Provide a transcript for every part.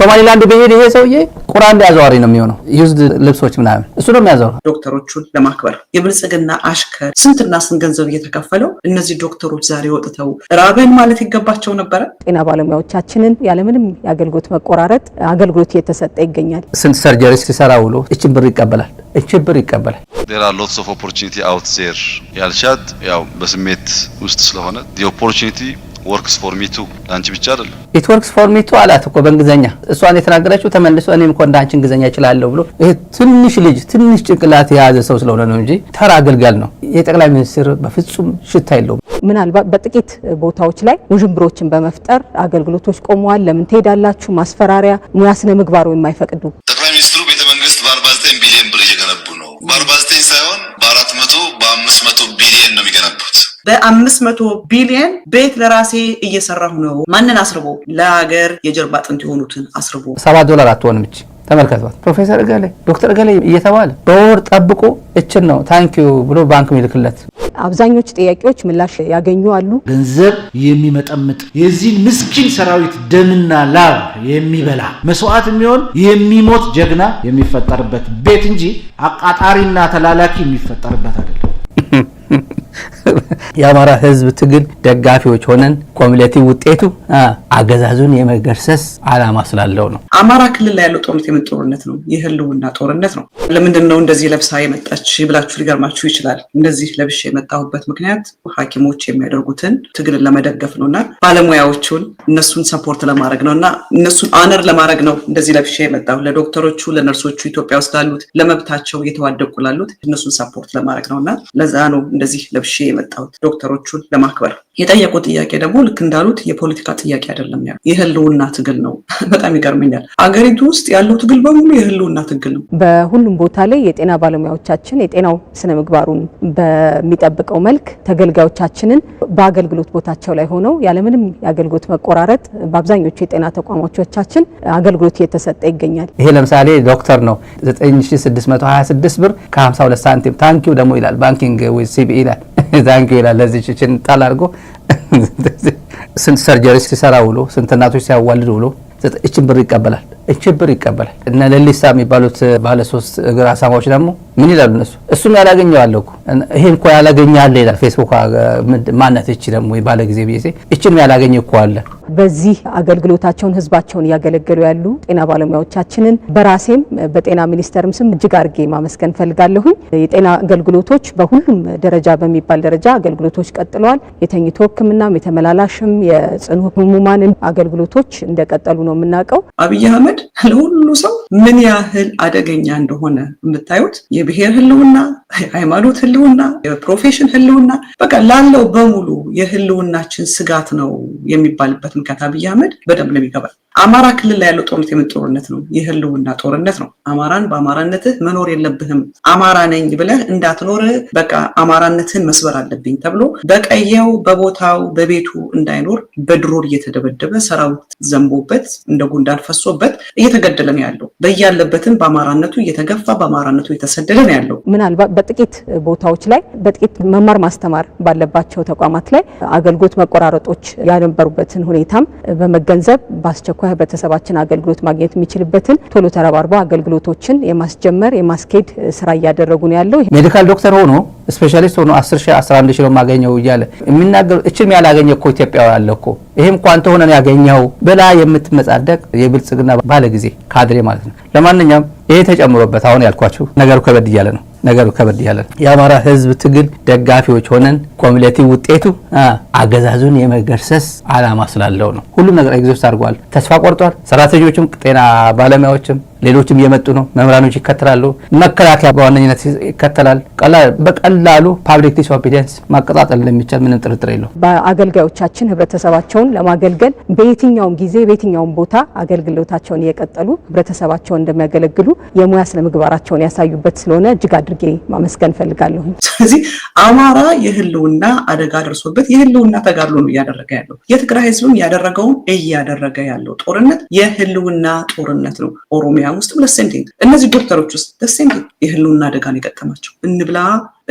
ሶማሊላንድ ብሄድ ይሄ ሰውዬ ቁራንድ አዘዋሪ ነው የሚሆነው። ዩዝድ ልብሶች ምናምን እሱ ነው የሚያዘው። ዶክተሮቹን ለማክበር የብልጽግና አሽከር ስንትና ስንት ገንዘብ እየተከፈለው እነዚህ ዶክተሮች ዛሬ ወጥተው ራበን ማለት ይገባቸው ነበረ። ጤና ባለሙያዎቻችንን ያለምንም የአገልግሎት መቆራረጥ አገልግሎት እየተሰጠ ይገኛል። ስንት ሰርጀሪ ሲሰራ ውሎ እችን ብር ይቀበላል፣ እችን ብር ይቀበላል። ዜር አር ሎትስ ኦፍ ኦፖርቹኒቲ አውት ዜር ያልሻት ያው በስሜት ውስጥ ስለሆነ ኦፖርቹኒቲ ወርክስ ፎር ቱ ለአንቺ ብቻ አይደለም። ኢት ወርክስ ፎር ቱ አላት እኮ በእንግሊዝኛ እሷን የተናገረችው ተመልሶ እኔም እኮ እንደ አንቺ እንግሊዝኛ እችላለሁ ብሎ ይሄ ትንሽ ልጅ ትንሽ ጭንቅላት የያዘ ሰው ስለሆነ ነው እንጂ ተራ አገልጋል ነው። የጠቅላይ ሚኒስትር በፍጹም ሽታ የለውም። ምናልባት በጥቂት ቦታዎች ላይ ውዥንብሮችን በመፍጠር አገልግሎቶች ቆመዋል። ለምን ትሄዳላችሁ? ማስፈራሪያ፣ ሙያ ስነ ምግባሩ የማይፈቅዱ ጠቅላይ ሚኒስትሩ ቤተ መንግስት በ49 ቢሊዮን ብር እየገነቡ ነው። በ49 ሳይሆን በ400 በ500 ቢሊዮን ነው የሚገነቡት በአምስት መቶ ቢሊየን ቤት ለራሴ እየሰራሁ ነው። ማንን አስርቦ? ለሀገር የጀርባ አጥንት የሆኑትን አስርቦ። ሰባት ዶላር አትሆንም እች ተመልከቷት። ፕሮፌሰር እገሌ ዶክተር እገሌ እየተባለ በወር ጠብቆ እችን ነው ታንኪዩ ብሎ ባንክ ሚልክለት። አብዛኞቹ ጥያቄዎች ምላሽ ያገኙ አሉ። ገንዘብ የሚመጠምጥ የዚህን ምስኪን ሰራዊት ደምና ላብ የሚበላ መስዋዕት የሚሆን የሚሞት ጀግና የሚፈጠርበት ቤት እንጂ አቃጣሪና ተላላኪ የሚፈጠርበት አይደለም። የአማራ ህዝብ ትግል ደጋፊዎች ሆነን ኮሚሌቲቭ ውጤቱ አገዛዙን የመገርሰስ አላማ ስላለው ነው። አማራ ክልል ላይ ያለው ጦርነት የምን ጦርነት ነው? የህልውና ጦርነት ነው። ለምንድን ነው እንደዚህ ለብሳ የመጣች ብላችሁ ሊገርማችሁ ይችላል። እንደዚህ ለብሽ የመጣሁበት ምክንያት ሐኪሞች የሚያደርጉትን ትግልን ለመደገፍ ነው እና ባለሙያዎቹን እነሱን ሰፖርት ለማድረግ ነው እና እነሱን አነር ለማድረግ ነው እንደዚህ ለብሽ የመጣሁ ለዶክተሮቹ፣ ለነርሶቹ ኢትዮጵያ ውስጥ ላሉት ለመብታቸው እየተዋደቁ ላሉት እነሱን ሰፖርት ለማድረግ ነው እና ለዛ ነው እንደዚህ ለብሼ የመጣሁት ዶክተሮቹን ለማክበር የጠየቁት ጥያቄ ደግሞ ልክ እንዳሉት የፖለቲካ ጥያቄ አይደለም፣ ያ የህልውና ትግል ነው። በጣም ይገርመኛል። አገሪቱ ውስጥ ያለው ትግል በሙሉ የህልውና ትግል ነው። በሁሉም ቦታ ላይ የጤና ባለሙያዎቻችን የጤናው ስነ ምግባሩን በሚጠብቀው መልክ ተገልጋዮቻችንን በአገልግሎት ቦታቸው ላይ ሆነው ያለምንም የአገልግሎት መቆራረጥ በአብዛኞቹ የጤና ተቋሞቻችን አገልግሎት እየተሰጠ ይገኛል። ይሄ ለምሳሌ ዶክተር ነው 9626 ብር ከ52 ሳንቲም ታንኪው ደግሞ ይላል ባንኪንግ ሲቢ ይላል ዛንኪ ይላል። ለዚህ ችችን ጣል አድርጎ ስንት ሰርጀሪ ሲሰራ ውሎ ስንት እናቶች ሲያዋልድ ውሎ እችን ብር ይቀበላል። እችን ብር ይቀበላል። እና ለሊሳ የሚባሉት ባለሶስት እግር አሳማዎች ደግሞ ምን ይላሉ እነሱ እሱም ያላገኘዋለ ይሄን እኮ ያላገኘ አለ ይላል ፌስቡክ ማነት እች ደግሞ ባለ ጊዜ ብዬ እችን ያላገኘ እኮ አለ በዚህ አገልግሎታቸውን ህዝባቸውን እያገለገሉ ያሉ ጤና ባለሙያዎቻችንን በራሴም በጤና ሚኒስቴርም ስም እጅግ አርጌ ማመስገን ፈልጋለሁኝ። የጤና አገልግሎቶች በሁሉም ደረጃ በሚባል ደረጃ አገልግሎቶች ቀጥለዋል። የተኝቶ ህክምናም፣ የተመላላሽም፣ የጽኑ ህሙማንም አገልግሎቶች እንደቀጠሉ ነው የምናውቀው። አብይ አህመድ ለሁሉ ሰው ምን ያህል አደገኛ እንደሆነ የምታዩት የብሔር ህልውና፣ የሃይማኖት ህልውና፣ የፕሮፌሽን ህልውና በቃ ላለው በሙሉ የህልውናችን ስጋት ነው የሚባልበት ምክንያት አብይ አህመድ በደንብ ነው የሚገባል። አማራ ክልል ላይ ያለው ጦርነት የምን ጦርነት ነው? የህልውና ጦርነት ነው። አማራን በአማራነትህ መኖር የለብህም አማራ ነኝ ብለህ እንዳትኖር በቃ አማራነትህን መስበር አለብኝ ተብሎ በቀየው በቦታው በቤቱ እንዳይኖር በድሮር እየተደበደበ ሰራዊት ዘንቦበት እንደ ጉንዳን ፈሶበት እየተገደለ ነው ያለው። በያለበትም በአማራነቱ እየተገፋ በአማራነቱ እየተሰደደ ነው ያለው። ምናልባት በጥቂት ቦታዎች ላይ በጥቂት መማር ማስተማር ባለባቸው ተቋማት ላይ አገልግሎት መቆራረጦች ያነበሩበትን ሁኔታም በመገንዘብ በአስቸኳይ ህብረተሰባችን አገልግሎት ማግኘት የሚችልበትን ቶሎ ተረባርበ አገልግሎቶችን የማስጀመር የማስኬድ ስራ እያደረጉ ነው ያለው። ሜዲካል ዶክተር ሆኖ ስፔሻሊስት ሆኖ 10 ሺ 11 ሺህ ነው የማገኘው እያለ የሚናገሩ እችም ያላገኘ እኮ ኢትዮጵያዊ አለ እኮ ይህም እኮ አንተ ያገኘው ብላ የምትመጻደቅ የብልጽግና ባለጊዜ ካድሬ ማለት ነው። ለማንኛውም ይሄ ተጨምሮበት አሁን ያልኳችሁ ነገሩ ከበድ እያለ ነው። ነገሩ ከበድ ያለ የአማራ ህዝብ ትግል ደጋፊዎች ሆነን ኮሚሌቲ ውጤቱ አገዛዙን የመገርሰስ አላማ ስላለው ነው። ሁሉም ነገር ኤግዞስት አድርጓል። ተስፋ ቆርጧል። ሰራተኞችም ጤና ባለሙያዎችም ሌሎችም እየመጡ ነው። መምህራኖች ይከተላሉ። መከላከያ በዋነኝነት ይከተላል። በቀላሉ ፓብሊክ ዲስኦቢዲየንስ ማቀጣጠል እንደሚቻል ምንም ጥርጥር የለው። በአገልጋዮቻችን ህብረተሰባቸውን ለማገልገል በየትኛውም ጊዜ በየትኛውም ቦታ አገልግሎታቸውን እየቀጠሉ ህብረተሰባቸውን እንደሚያገለግሉ የሙያ ስነ ምግባራቸውን ያሳዩበት ስለሆነ እጅግ አድርጌ ማመስገን ፈልጋለሁ። ስለዚህ አማራ የህልውና አደጋ ደርሶበት የህልውና ተጋድሎ ነው እያደረገ ያለው። የትግራይ ህዝብም ያደረገውን እያደረገ ያለው ጦርነት የህልውና ጦርነት ነው። ኦሮሚያ ፕሮግራም ውስጥም ለሴንቲንግ እነዚህ ዶክተሮች ውስጥ ለሴንቲንግ የህልውና አደጋን የገጠማቸው እንብላ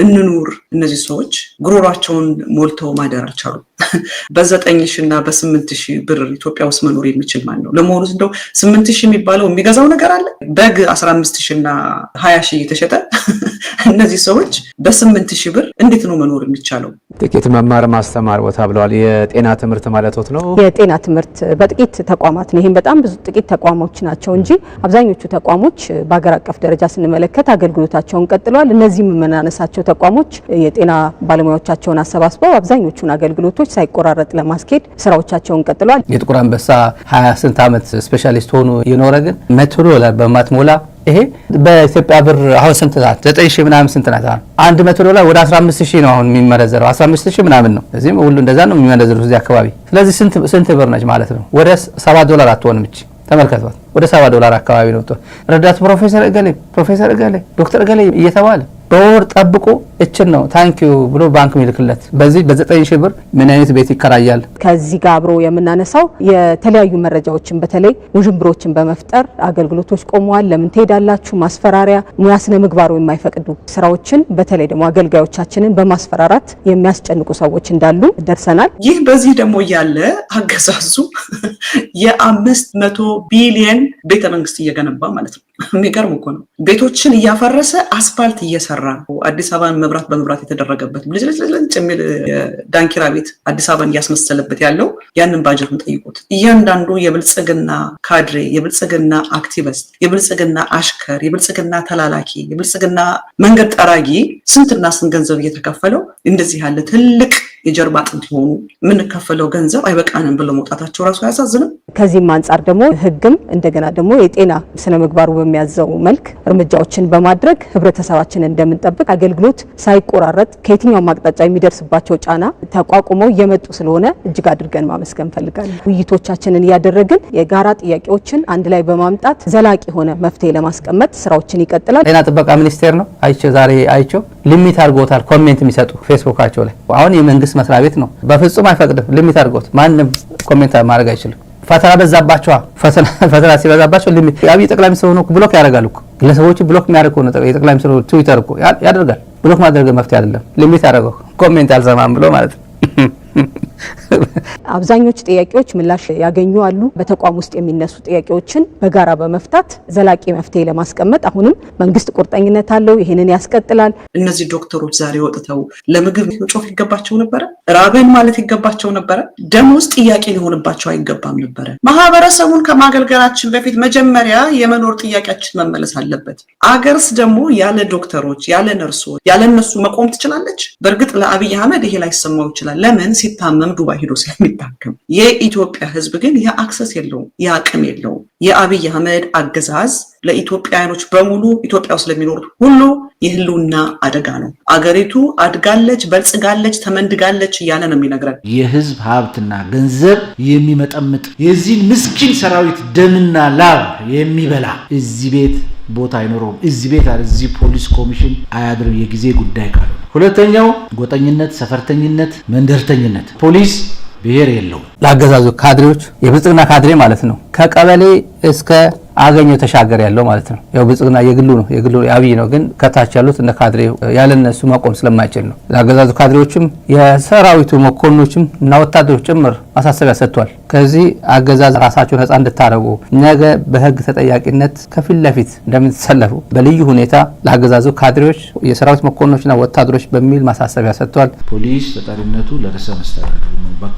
እንኑር እነዚህ ሰዎች ጉሮሯቸውን ሞልተው ማደር አልቻሉ። በዘጠኝ ሺ እና በስምንት ሺ ብር ኢትዮጵያ ውስጥ መኖር የሚችል ማን ነው? ለመሆኑ እንደው ስምንት ሺ የሚባለው የሚገዛው ነገር አለ? በግ አስራ አምስት ሺህ እና ሀያ ሺ እየተሸጠ እነዚህ ሰዎች በስምንት ሺህ ብር እንዴት ነው መኖር የሚቻለው? ጥቂት መማር ማስተማር ቦታ ብለዋል። የጤና ትምህርት ማለቶት ነው። የጤና ትምህርት በጥቂት ተቋማት ነው። ይህም በጣም ብዙ ጥቂት ተቋሞች ናቸው እንጂ አብዛኞቹ ተቋሞች በሀገር አቀፍ ደረጃ ስንመለከት አገልግሎታቸውን ቀጥለዋል። እነዚህም የምናነሳቸው ተቋሞች የጤና ባለሙያዎቻቸውን አሰባስበው አብዛኞቹን አገልግሎቶች ሳይቆራረጥ ለማስኬድ ስራዎቻቸውን ቀጥለዋል። የጥቁር አንበሳ ሀያ ስንት ዓመት ስፔሻሊስት ሆኖ የኖረ ግን መቶ ዶላር በማትሞላ ይሄ በኢትዮጵያ ብር አሁን ስንት ናት? ዘጠኝ ሺህ ምናምን ስንት ናት? አሁን አንድ መቶ ዶላር ወደ አስራ አምስት ሺህ ነው አሁን የሚመነዘረው አምስት ሺህ ምናምን ነው። እዚህም ሁሉ እንደዛ ነው የሚመነዘሩት እዚህ አካባቢ። ስለዚህ ስንት ብር ነች ማለት ነው? ወደ ሰባ ዶላር አትሆንም እች ተመልከቷት። ወደ ሰባ ዶላር አካባቢ ነው። ረዳት ፕሮፌሰር እገሌ ፕሮፌሰር እገሌ ዶክተር እገሌ እየተባለ በወር ጠብቆ እችን ነው ታንኪ ብሎ ባንክ ሚልክለት በዚህ በዘጠኝ ሺህ ብር ምን አይነት ቤት ይከራያል? ከዚህ ጋር አብሮ የምናነሳው የተለያዩ መረጃዎችን በተለይ ውዥንብሮችን በመፍጠር አገልግሎቶች ቆመዋል፣ ለምን ትሄዳላችሁ፣ ማስፈራሪያ፣ ሙያ ስነ ምግባሩ የማይፈቅዱ ስራዎችን በተለይ ደግሞ አገልጋዮቻችንን በማስፈራራት የሚያስጨንቁ ሰዎች እንዳሉ ደርሰናል። ይህ በዚህ ደግሞ ያለ አገዛዙ የአምስት መቶ ቢሊየን ቤተመንግስት እየገነባ ማለት ነው የሚገርም እኮ ነው። ቤቶችን እያፈረሰ አስፋልት እየሰራ ነው። አዲስ አበባን መብራት በመብራት የተደረገበት ልጭልጭልጭ የሚል የዳንኪራ ቤት አዲስ አበባን እያስመሰለበት ያለው ያንን ባጀቱን ጠይቁት። እያንዳንዱ የብልጽግና ካድሬ፣ የብልጽግና አክቲቪስት፣ የብልጽግና አሽከር፣ የብልጽግና ተላላኪ፣ የብልጽግና መንገድ ጠራጊ ስንትና ስንት ገንዘብ እየተከፈለው እንደዚህ ያለ ትልቅ የጀርባ አጥንት የሆኑ የምንከፈለው ገንዘብ አይበቃንም ብሎ መውጣታቸው ራሱ አያሳዝንም? ከዚህም አንጻር ደግሞ ህግም እንደገና ደግሞ የጤና ስነ ምግባሩ በሚያዘው መልክ እርምጃዎችን በማድረግ ህብረተሰባችን እንደምንጠብቅ አገልግሎት ሳይቆራረጥ ከየትኛው አቅጣጫ የሚደርስባቸው ጫና ተቋቁመው እየመጡ ስለሆነ እጅግ አድርገን ማመስገን እንፈልጋለን። ውይይቶቻችንን እያደረግን የጋራ ጥያቄዎችን አንድ ላይ በማምጣት ዘላቂ የሆነ መፍትሄ ለማስቀመጥ ስራዎችን ይቀጥላል። ጤና ጥበቃ ሚኒስቴር ነው አይቸው ዛሬ አይቸው ሊሚት አድርጎታል ኮሜንት የሚሰጡ ፌስቡካቸው ላይ አሁን የመንግስት የመንግስት መስሪያ ቤት ነው። በፍጹም አይፈቅድም። ልሚት አድርጎት ማንም ኮሜንት ማድረግ አይችልም። ፈተና በዛባቸዋ ፈተና ሲበዛባቸው አብይ ጠቅላይ ሚኒስትር ሆኖ ብሎክ ያደርጋል እኮ ግለሰቦቹ ብሎክ የሚያደርግ ሆነ የጠቅላይ ሚኒስትር ትዊተር እኮ ያደርጋል። ብሎክ ማድረግ መፍትሄ አይደለም። ልሚት አደረገው ኮሜንት አልሰማም ብሎ ማለት ነው። አብዛኞቹ ጥያቄዎች ምላሽ ያገኙ አሉ። በተቋም ውስጥ የሚነሱ ጥያቄዎችን በጋራ በመፍታት ዘላቂ መፍትሄ ለማስቀመጥ አሁንም መንግስት ቁርጠኝነት አለው። ይህንን ያስቀጥላል። እነዚህ ዶክተሮች ዛሬ ወጥተው ለምግብ መጮፍ ይገባቸው ነበረ? ራበን ማለት ይገባቸው ነበረ? ውስጥ ጥያቄ ሊሆንባቸው አይገባም ነበረ። ማህበረሰቡን ከማገልገላችን በፊት መጀመሪያ የመኖር ጥያቄያችን መመለስ አለበት። አገርስ ደግሞ ያለ ዶክተሮች ያለ ነርሶች ያለ እነሱ መቆም ትችላለች? በእርግጥ ለአብይ አህመድ ይሄ ላይሰማው ይችላል። ለምን ሲታመም እንኳን ዱባይ ሄዶ ስለሚታከም የኢትዮጵያ ህዝብ ግን ያ አክሰስ የለውም፣ ያ አቅም የለውም። የአብይ አህመድ አገዛዝ ለኢትዮጵያውያኖች በሙሉ ኢትዮጵያ ውስጥ ለሚኖሩት ሁሉ የህልውና አደጋ ነው። አገሪቱ አድጋለች፣ በልጽጋለች፣ ተመንድጋለች እያለ ነው የሚነግረን። የህዝብ ሀብትና ገንዘብ የሚመጠምጥ የዚህን ምስኪን ሰራዊት ደምና ላብ የሚበላ እዚህ ቤት ቦታ አይኖረውም። እዚህ ቤት አለ እዚህ ፖሊስ ኮሚሽን አያድርም፣ የጊዜ ጉዳይ ካለ። ሁለተኛው ጎጠኝነት፣ ሰፈርተኝነት፣ መንደርተኝነት ፖሊስ ብሔር የለውም። ለአገዛዙ ካድሬዎች የብልጽግና ካድሬ ማለት ነው ከቀበሌ እስከ አገኘ ተሻገር ያለው ማለት ነው። ያው ብልጽግና የግሉ ነው የግሉ አብይ ነው። ግን ከታች ያሉት እነ ካድሬ ያለነሱ መቆም ስለማይችል ነው። ለአገዛዙ ካድሬዎችም የሰራዊቱ መኮንኖችም እና ወታደሮች ጭምር ማሳሰቢያ ሰጥቷል። ከዚህ አገዛዝ ራሳቸውን ነጻ እንድታደርጉ ነገ በህግ ተጠያቂነት ከፊት ለፊት እንደምትሰለፉ በልዩ ሁኔታ ለአገዛዙ ካድሬዎች የሰራዊት መኮንኖችና ወታደሮች በሚል ማሳሰቢያ ሰጥቷል። ፖሊስ ተጠሪነቱ ለርዕሰ መስተዳድሩ ነው በቃ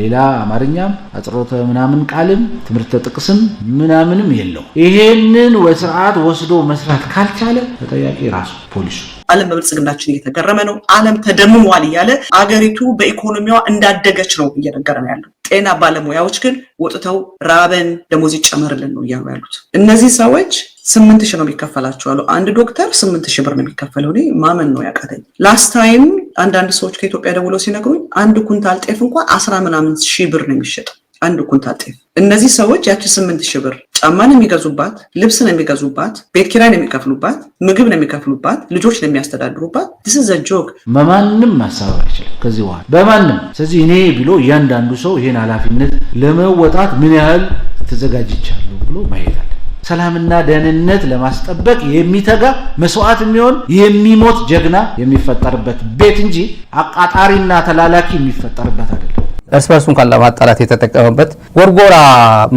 ሌላ አማርኛም አጽሮተ ምናምን ቃልም ትምህርተ ጥቅስም ምናምንም የለው። ይሄንን ስርዓት ወስዶ መስራት ካልቻለ ተጠያቂ ራሱ ፖሊሱ ዓለም በብልጽግናችን እየተገረመ ነው። ዓለም ተደምሟል እያለ አገሪቱ በኢኮኖሚዋ እንዳደገች ነው እየነገረ ነው ያለው። ጤና ባለሙያዎች ግን ወጥተው ራበን፣ ደሞዝ ይጨመርልን ነው እያሉ ያሉት። እነዚህ ሰዎች ስምንት ሺህ ነው የሚከፈላቸው አሉ። አንድ ዶክተር ስምንት ሺህ ብር ነው የሚከፈለው። እኔ ማመን ነው ያቃተኝ። ላስት ታይም አንዳንድ ሰዎች ከኢትዮጵያ ደውለው ሲነግሩኝ አንድ ኩንታል ጤፍ እንኳን አስራ ምናምን ሺህ ብር ነው የሚሸጠው አንድ ኩንታል ጤፍ። እነዚህ ሰዎች ያቺ ስምንት ሺህ ብር ጫማን የሚገዙባት፣ ልብስ ነው የሚገዙባት፣ ቤት ኪራይ ነው የሚከፍሉባት፣ ምግብ ነው የሚከፍሉባት፣ ልጆች ነው የሚያስተዳድሩባት። ስ ዘ ጆክ በማንም ማሳበብ አይችልም ከዚህ በኋላ በማንም። ስለዚህ እኔ ብሎ እያንዳንዱ ሰው ይሄን ኃላፊነት ለመወጣት ምን ያህል ተዘጋጅቻለሁ ብሎ ማሄድ አለ። ሰላምና ደህንነት ለማስጠበቅ የሚተጋ መስዋዕት የሚሆን የሚሞት ጀግና የሚፈጠርበት ቤት እንጂ አቃጣሪና ተላላኪ የሚፈጠርበት አይደለም። እርስ እንኳን ለማጣላት የተጠቀመበት ጎርጎራ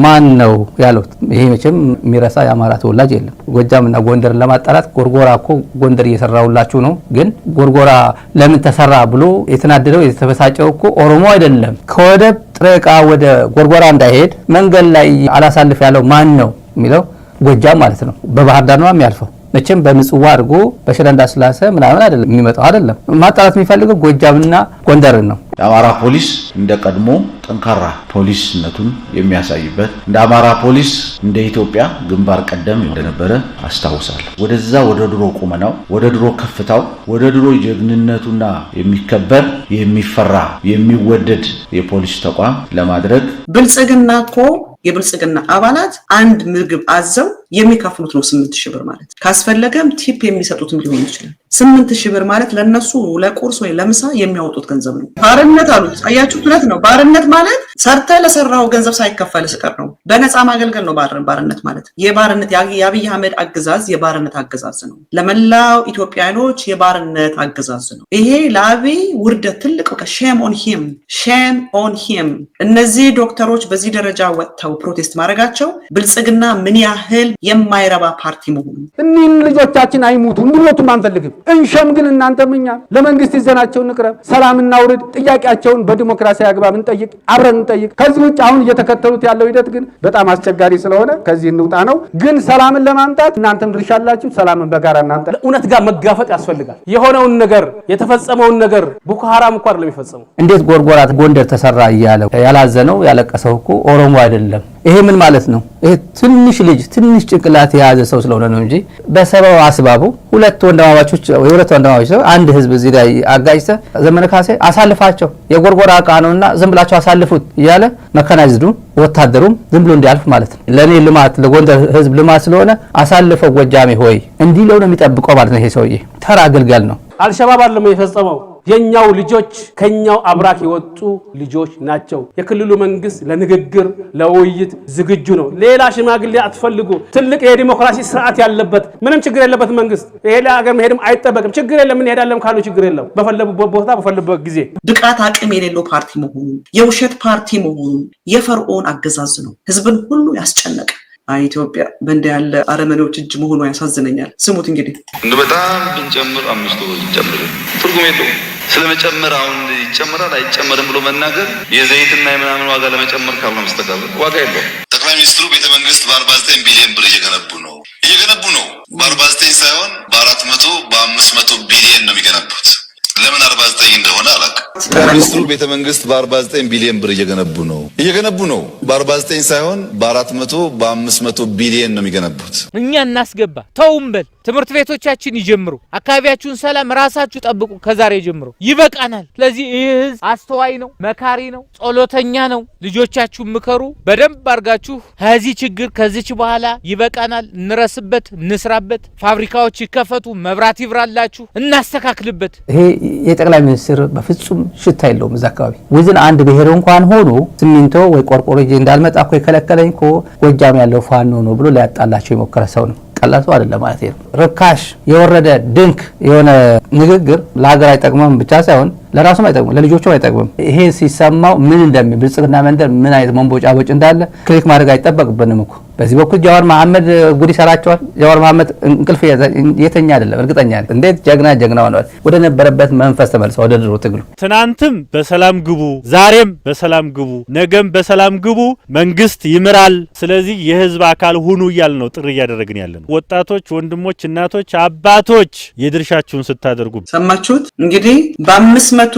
ማን ነው ያሉት። ይሄ መቼም የሚረሳ የአማራ ተወላጅ የለም። ጎጃምና ጎንደርን ለማጣላት ጎርጎራ እኮ ጎንደር እየሰራውላችሁ ነው፣ ግን ጎርጎራ ለምን ተሰራ ብሎ የተናደደው የተበሳጨው እኮ ኦሮሞ አይደለም። ከወደብ ጥሬ ዕቃ ወደ ጎርጎራ እንዳይሄድ መንገድ ላይ አላሳልፍ ያለው ማን ነው የሚለው ጎጃም ማለት ነው። በባህር ዳር ነው የሚያልፈው መቼም በምጽዋ አድርጎ በሽረ እንዳስላሴ ምናምን አይደለም የሚመጣው አይደለም። ማጣራት የሚፈልገው ጎጃምና ጎንደርን ነው። የአማራ ፖሊስ እንደ ቀድሞ ጠንካራ ፖሊስነቱን የሚያሳይበት እንደ አማራ ፖሊስ እንደ ኢትዮጵያ ግንባር ቀደም እንደነበረ አስታውሳለሁ። ወደዛ ወደ ድሮ ቁመናው፣ ወደ ድሮ ከፍታው፣ ወደ ድሮ ጀግንነቱና የሚከበር የሚፈራ የሚወደድ የፖሊስ ተቋም ለማድረግ ብልጽግና እኮ የብልጽግና አባላት አንድ ምግብ አዘው የሚከፍሉት ነው ስምንት ሺህ ብር ማለት ካስፈለገም ቲፕ የሚሰጡትም ሊሆን ይችላል። ስምንት ሺህ ብር ማለት ለነሱ ለቁርስ ወይ ለምሳ የሚያወጡት ገንዘብ ነው። ባርነት አሉት። አያችሁት? እውነት ነው። ባርነት ማለት ሰርተ ለሰራው ገንዘብ ሳይከፈል ስቀር ነው። በነፃ ማገልገል ነው ባርነት ማለት። የባርነት የአብይ አህመድ አገዛዝ የባርነት አገዛዝ ነው። ለመላው ኢትዮጵያኖች የባርነት አገዛዝ ነው። ይሄ ለአብይ ውርደት ትልቅ ሼም ኦን ሂም፣ ሼም ኦን ሂም። እነዚህ ዶክተሮች በዚህ ደረጃ ወጥተው ፕሮቴስት ማድረጋቸው ብልጽግና ምን ያህል የማይረባ ፓርቲ መሆኑ እኒህም ልጆቻችን አይሙቱ እንዲሞቱም አንፈልግም ግን እናንተም እኛም ለመንግስት ይዘናቸው እንቅረብ፣ ሰላም እናውርድ፣ ጥያቄያቸውን በዲሞክራሲያዊ አግባብ እንጠይቅ፣ አብረን እንጠይቅ። ከዚህ ውጭ አሁን እየተከተሉት ያለው ሂደት ግን በጣም አስቸጋሪ ስለሆነ ከዚህ እንውጣ ነው። ግን ሰላምን ለማምጣት እናንተም ድርሻ አላችሁ። ሰላምን በጋራ እናምጣ። እውነት ጋር መጋፈጥ ያስፈልጋል። የሆነውን ነገር የተፈጸመውን ነገር ቦኮ ሀራም እንኳ አይደለም የፈጸመው። እንዴት ጎርጎራት ጎንደር ተሰራ እያለ ያላዘነው ያለቀሰው እኮ ኦሮሞ አይደለም ይሄ ምን ማለት ነው? ይሄ ትንሽ ልጅ ትንሽ ጭንቅላት የያዘ ሰው ስለሆነ ነው እንጂ በሰበብ አስባቡ ሁለት ወንድማማቾች የሁለት ወንድማማቾች ሰው አንድ ህዝብ እዚህ ላይ አጋጭተ ዘመነ ካሴ አሳልፋቸው የጎርጎራ እቃ እና ዝም ብላቸው አሳልፉት እያለ መከናጅዱ ወታደሩም ዝም ብሎ እንዲያልፍ ማለት ነው። ለእኔ ልማት ለጎንደር ህዝብ ልማት ስለሆነ አሳልፈው ጎጃሜ ሆይ እንዲህ ለው ነው የሚጠብቀው ማለት ነው። ይሄ ሰውዬ ተራ አገልጋል ነው። አልሸባብ አለሞ የፈጸመው የኛው ልጆች ከኛው አብራክ የወጡ ልጆች ናቸው። የክልሉ መንግስት ለንግግር ለውይይት ዝግጁ ነው። ሌላ ሽማግሌ አትፈልጉ። ትልቅ የዲሞክራሲ ስርዓት ያለበት ምንም ችግር የለበት መንግስት ይሄ ለሀገር መሄድም አይጠበቅም። ችግር የለም እንሄዳለን ካሉ ችግር የለም። በፈለጉበት ቦታ በፈለጉበት ጊዜ ብቃት አቅም የሌለው ፓርቲ መሆኑን የውሸት ፓርቲ መሆኑን የፈርዖን አገዛዝ ነው ህዝብን ሁሉ ያስጨነቀ። ኢትዮጵያ በእንዲህ ያለ አረመኔዎች እጅ መሆኑ ያሳዝነኛል። ስሙት እንግዲህ እንደ በጣም ብንጨምር አምስት ጨምር ትርጉም የለውም። ስለመጨመር አሁን ይጨመራል አይጨመርም ብሎ መናገር የዘይትና የምናምን ዋጋ ለመጨመር ካልሆነ መስተጋብ ዋጋ የለውም። ጠቅላይ ሚኒስትሩ ቤተ መንግስት በአርባ ዘጠኝ ቢሊዮን ብር እየገነቡ ነው እየገነቡ ነው። በአርባ ዘጠኝ ሳይሆን በአራት መቶ በአምስት መቶ ቢሊዮን ነው የሚገነቡት። ለምን አርባ ዘጠኝ እንደሆነ አላውቅም። ጠቅላይ ሚኒስትሩ ቤተ መንግስት በአርባ ዘጠኝ ቢሊዮን ብር እየገነቡ ነው እየገነቡ ነው። በአርባ ዘጠኝ ሳይሆን በአራት መቶ በአምስት መቶ ቢሊዮን ነው የሚገነቡት። እኛ እናስገባ ተውም በል ትምህርት ቤቶቻችን ይጀምሩ። አካባቢያችሁን ሰላም ራሳችሁ ጠብቁ። ከዛሬ ጀምሮ ይበቃናል። ስለዚህ ይህ ህዝብ አስተዋይ ነው፣ መካሪ ነው፣ ጸሎተኛ ነው። ልጆቻችሁ ምከሩ በደንብ አድርጋችሁ። ከዚህ ችግር ከዚች በኋላ ይበቃናል፣ እንረስበት፣ እንስራበት። ፋብሪካዎች ይከፈቱ፣ መብራት ይብራላችሁ፣ እናስተካክልበት። ይሄ የጠቅላይ ሚኒስትር በፍጹም ሽታ የለውም። እዛ አካባቢ ውዝን አንድ ብሔር እንኳን ሆኖ ሲሚንቶ ወይ ቆርቆሮ እንዳልመጣ እኮ የከለከለኝ እኮ ጎጃም ያለው ፋኖ ነው ብሎ ሊያጣላቸው የሞከረ ሰው ነው። የሚቀላል ሰው አይደለም ማለት ነው። ርካሽ የወረደ ድንክ የሆነ ንግግር ለሀገር አይጠቅመም ብቻ ሳይሆን ለራሱም አይጠቅምም፣ ለልጆቹም አይጠቅምም። ይሄ ሲሰማው ምን እንደሚ ብልጽግና መንደር ምን አይነት መንቦጫ ቦጭ እንዳለ ክሊክ ማድረግ አይጠበቅብንም እኮ። በዚህ በኩል ጃዋር መሐመድ ጉድ ይሰራቸዋል። ጃዋር መሐመድ እንቅልፍ የተኛ አይደለም፣ እርግጠኛ ነኝ። እንዴት ጀግና ጀግና ሆነዋል። ወደ ነበረበት መንፈስ ተመልሰ ወደ ድሮ ትግሉ። ትናንትም በሰላም ግቡ፣ ዛሬም በሰላም ግቡ፣ ነገም በሰላም ግቡ። መንግስት ይምራል። ስለዚህ የህዝብ አካል ሁኑ እያል ነው ጥሪ እያደረግን ያለ ነው። ወጣቶች፣ ወንድሞች፣ እናቶች፣ አባቶች የድርሻችሁን ስታደርጉ ሰማችሁት እንግዲህ በአምስት መቶ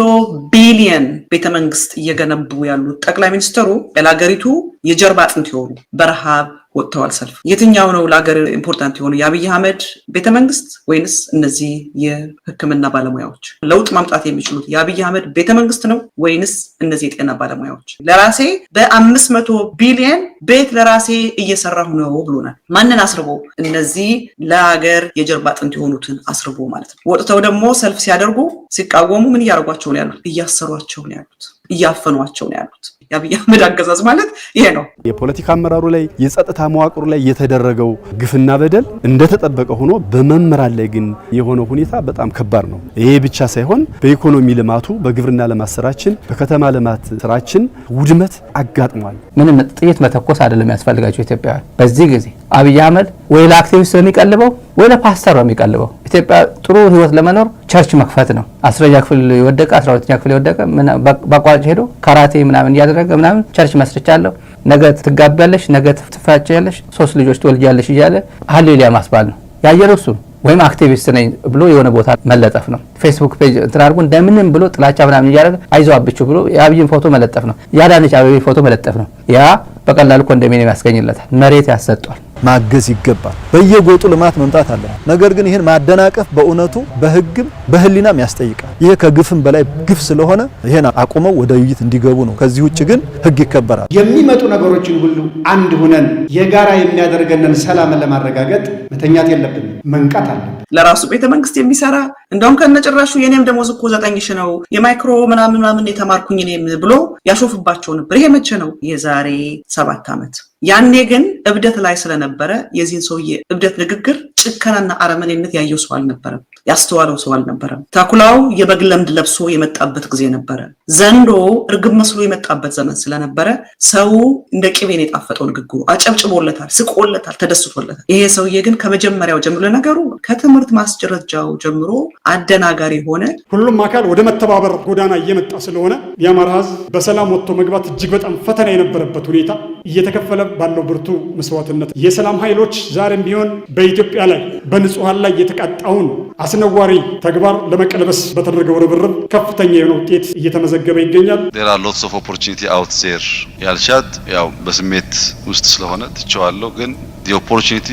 ቢሊየን ቤተመንግስት እየገነቡ ያሉት ጠቅላይ ሚኒስትሩ ለሀገሪቱ የጀርባ አጥንት የሆኑ በረሃብ ወጥተዋል ሰልፍ። የትኛው ነው ለሀገር ኢምፖርታንት የሆኑ የአብይ አህመድ ቤተመንግስት ወይንስ እነዚህ የህክምና ባለሙያዎች? ለውጥ ማምጣት የሚችሉት የአብይ አህመድ ቤተመንግስት ነው ወይንስ እነዚህ የጤና ባለሙያዎች? ለራሴ በአምስት መቶ ቢሊየን ቤት ለራሴ እየሰራሁ ነው ብሎናል። ማንን አስርቦ? እነዚህ ለሀገር የጀርባ አጥንት የሆኑትን አስርቦ ማለት ነው። ወጥተው ደግሞ ሰልፍ ሲያደርጉ ሲቃወሙ ምን እያደረጓቸው ነው ያሉት? እያሰሯቸው ነው ያሉት፣ እያፈኗቸው ነው ያሉት። የአብይ አህመድ አገዛዝ ማለት ይሄ ነው። የፖለቲካ አመራሩ ላይ የጸጥታ መዋቅሩ ላይ የተደረገው ግፍና በደል እንደተጠበቀ ሆኖ በመምህራን ላይ ግን የሆነው ሁኔታ በጣም ከባድ ነው። ይሄ ብቻ ሳይሆን በኢኮኖሚ ልማቱ፣ በግብርና ልማት ስራችን፣ በከተማ ልማት ስራችን ውድመት አጋጥሟል። ምንም ጥይት መተኮስ አይደለም ያስፈልጋቸው ኢትዮጵያውያን በዚህ ጊዜ አብይ አህመድ ወይ ለአክቲቪስት ነው የሚቀልበው ወይ ለፓስተር ነው የሚቀልበው። ኢትዮጵያ ጥሩ ህይወት ለመኖር ቸርች መክፈት ነው። አስረኛ ክፍል የወደቀ አስራ ሁለተኛ ክፍል የወደቀ በአቋራጭ ሄዶ ካራቴ ምናምን እያደረገ ምናምን ቸርች መስርቻለሁ፣ ነገ ትጋቢያለሽ፣ ነገ ትፋቻለሽ፣ ሶስት ልጆች ትወልጃለሽ እያለ ሀሌሉያ ማስባል ነው ያየነው እሱ ወይም አክቲቪስት ነኝ ብሎ የሆነ ቦታ መለጠፍ ነው። ፌስቡክ ፔጅ እንትን አድርጎ እንደምንም ብሎ ጥላቻ ምናምን እያደረገ አይዞ አብችው ብሎ የአብይን ፎቶ መለጠፍ ነው። የአዳነች አብይ ፎቶ መለጠፍ ነው። ያ በቀላሉ ኮንዶሚኒየም ያስገኝለታል፣ መሬት ያሰጧል። ማገዝ ይገባል። በየጎጡ ልማት መምጣት አለ። ነገር ግን ይህን ማደናቀፍ በእውነቱ በህግም በህሊናም ያስጠይቃል። ይሄ ከግፍም በላይ ግፍ ስለሆነ ይሄን አቁመው ወደ ውይይት እንዲገቡ ነው። ከዚህ ውጭ ግን ህግ ይከበራል። የሚመጡ ነገሮችን ሁሉ አንድ ሁነን የጋራ የሚያደርገንን ሰላምን ለማረጋገጥ መተኛት የለብን፣ መንቃት አለ ለራሱ ቤተ መንግስት የሚሰራ እንደውም ከነጭራሹ የኔም ደሞዝ እኮ ዘጠኝ ሺ ነው የማይክሮ ምናምን ምናምን የተማርኩኝ እኔም ብሎ ያሾፍባቸው ነበር። ይሄ መቼ ነው? የዛሬ ሰባት ዓመት ያኔ ግን እብደት ላይ ስለነበረ የዚህን ሰውዬ እብደት ንግግር ጭከናና አረመኔነት ያየው ሰው አልነበረም፣ ያስተዋለው ሰው አልነበረም። ተኩላው የበግ ለምድ ለብሶ የመጣበት ጊዜ ነበረ። ዘንዶ እርግብ መስሎ የመጣበት ዘመን ስለነበረ ሰው እንደ ቅቤን የጣፈጠው ንግግሩ አጨብጭቦለታል፣ ስቆለታል፣ ተደስቶለታል። ይሄ ሰውዬ ግን ከመጀመሪያው ጀምሮ ለነገሩ ከትምህርት ማስጨረጃው ጀምሮ አደናጋሪ የሆነ ሁሉም አካል ወደ መተባበር ጎዳና እየመጣ ስለሆነ የአማራ በሰላም ወጥቶ መግባት እጅግ በጣም ፈተና የነበረበት ሁኔታ እየተከፈለ ባለው ብርቱ መስዋዕትነት የሰላም ኃይሎች ዛሬም ቢሆን በኢትዮጵያ ላይ በንጹሐን ላይ የተቃጣውን አስነዋሪ ተግባር ለመቀለበስ በተደረገው ርብርብ ከፍተኛ የሆነ ውጤት እየተመዘገበ ይገኛል። ዴር አር ሎትስ ኦፍ ኦፖርቹኒቲ አውት ዜር ያልሻት ያው በስሜት ውስጥ ስለሆነ ትቸዋለሁ፣ ግን ኦፖርቹኒቲ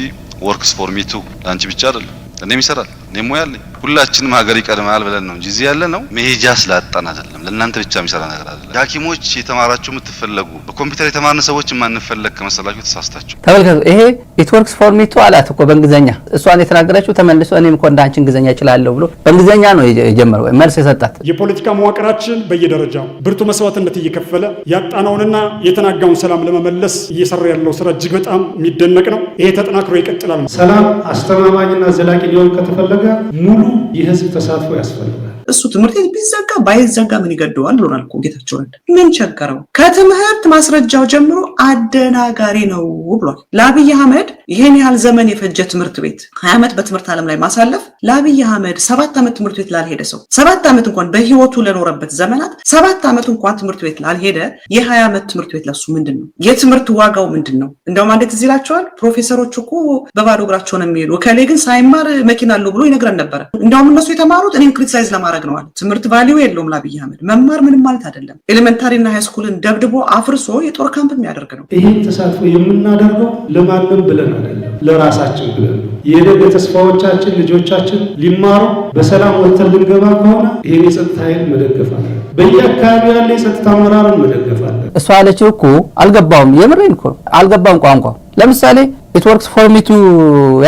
ወርክስ ፎር ሚ ቱ ለአንቺ ብቻ አይደለም፣ እኔም ይሰራል፣ እኔም ሙያ ሁላችንም ሀገር ይቀድማል ብለን ነው እንጂ እዚህ ያለ ነው መሄጃ ስላጣን አይደለም። ለእናንተ ብቻ የሚሰራ ነገር አይደለም። ሐኪሞች የተማራችሁ የምትፈለጉ በኮምፒውተር የተማርን ሰዎች የማንፈለግ ከመሰላችሁ ተሳስታችሁ ተመልከቱ። ይሄ ኢትወርክስ ፎር ሚ ቱ አላት እኮ በእንግሊዝኛ እሷን የተናገረችው ተመልሶ እኔም እኮ እንዳንቺ እንግሊዝኛ እችላለሁ ብሎ በእንግሊዝኛ ነው የጀመረው መልስ የሰጣት። የፖለቲካ መዋቅራችን በየደረጃው ብርቱ መስዋዕትነት እየከፈለ ያጣነውንና የተናጋውን ሰላም ለመመለስ እየሰራ ያለው ስራ እጅግ በጣም የሚደነቅ ነው። ይሄ ተጠናክሮ ይቀጥላል። ሰላም አስተማማኝና ዘላቂ ሊሆን ከተፈለገ ሙሉ የህዝብ ተሳትፎ ያስፈልጋል። እሱ ትምህርት ቤት ቢዘጋ ባይዘጋ ምን ይገደዋል? ብሎናል እኮ ጌታቸው ረዳ። ምን ቸገረው? ከትምህርት ማስረጃው ጀምሮ አደናጋሪ ነው ብሏል። ለአብይ አህመድ ይህን ያህል ዘመን የፈጀ ትምህርት ቤት ሀያ ዓመት በትምህርት ዓለም ላይ ማሳለፍ ለአብይ አህመድ ሰባት ዓመት ትምህርት ቤት ላልሄደ ሰው ሰባት ዓመት እንኳን በህይወቱ ለኖረበት ዘመናት ሰባት ዓመት እንኳን ትምህርት ቤት ላልሄደ የሀያ ዓመት ትምህርት ቤት ለሱ ምንድን ነው? የትምህርት ዋጋው ምንድን ነው? እንደውም አንዴት እዚህ ይላቸዋል ፕሮፌሰሮች እኮ በባዶ እግራቸው ነው የሚሄዱ፣ እከሌ ግን ሳይማር መኪና አለው ብሎ ይነግረን ነበረ። እንደውም እነሱ የተማሩት እኔም ክሪቲሳይዝ ለማድረግ ነው አለ። ትምህርት ቫሊዩ የለውም ለአብይ አህመድ። መማር ምንም ማለት አይደለም። ኤሌመንታሪና ሃይስኩልን ደብድቦ አፍርሶ የጦር ካምፕ የሚያደርግ ነው። ይህን ተሳትፎ የምናደርገው ለማንም ብለን አይደለም፣ ለራሳችን ብለን የነገ ተስፋዎቻችን ልጆቻችን ሊማሩ በሰላም ወጥተን ልንገባ ከሆነ ይህን የጸጥታ ኃይል መደገፍ አለ። በየአካባቢ ያለ የጸጥታ አመራርን መደገፍ አለ። እሷ አለችው እኮ አልገባውም። የምሬን እኮ አልገባውም። ቋንቋ ለምሳሌ ኢትወርክስ ፎርሚቱ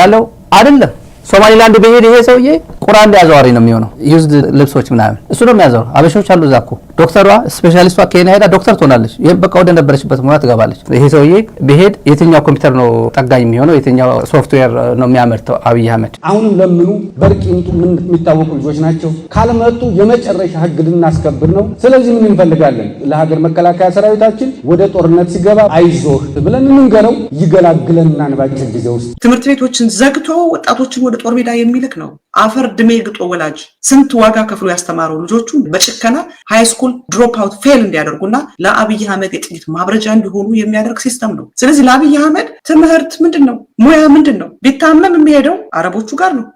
ያለው አይደለም ሶማሊላንድ በሄድ ይሄ ሰውዬ ቁራን ሊያዘዋሪ ነው የሚሆነው። ዩዝድ ልብሶች ምናምን እሱ ነው የሚያዘው። አበሾች አሉ እዛ እኮ ዶክተሯ ስፔሻሊስቷ ኬንያ ሄዳ ዶክተር ትሆናለች። ይህም በቃ ወደ ነበረችበት ሙያ ትገባለች። ይሄ ሰውዬ ብሄድ የትኛው ኮምፒውተር ነው ጠጋኝ የሚሆነው? የትኛው ሶፍትዌር ነው የሚያመርተው አብይ አህመድ? አሁንም ለምኑ በርቂንቱ ምን የሚታወቁ ልጆች ናቸው። ካልመጡ የመጨረሻ ህግ ልናስከብር ነው። ስለዚህ ምን እንፈልጋለን? ለሀገር መከላከያ ሰራዊታችን ወደ ጦርነት ሲገባ አይዞህ ብለን እንንገረው፣ ይገላግለንና ባጭር ጊዜ ውስጥ። ትምህርት ቤቶችን ዘግቶ ወጣቶችን ወደ ጦር ሜዳ የሚልክ ነው። አፈር ድሜ ግጦ ወላጅ ስንት ዋጋ ከፍሎ ያስተማረው ልጆቹ በጭከና ሃይስኩል ራሳቸውን ድሮፕ አውት ፌል እንዲያደርጉና ለአብይ አህመድ የጥይት ማብረጃ እንዲሆኑ የሚያደርግ ሲስተም ነው። ስለዚህ ለአብይ አህመድ ትምህርት ምንድን ነው? ሙያ ምንድን ነው? ቢታመም የሚሄደው አረቦቹ ጋር ነው።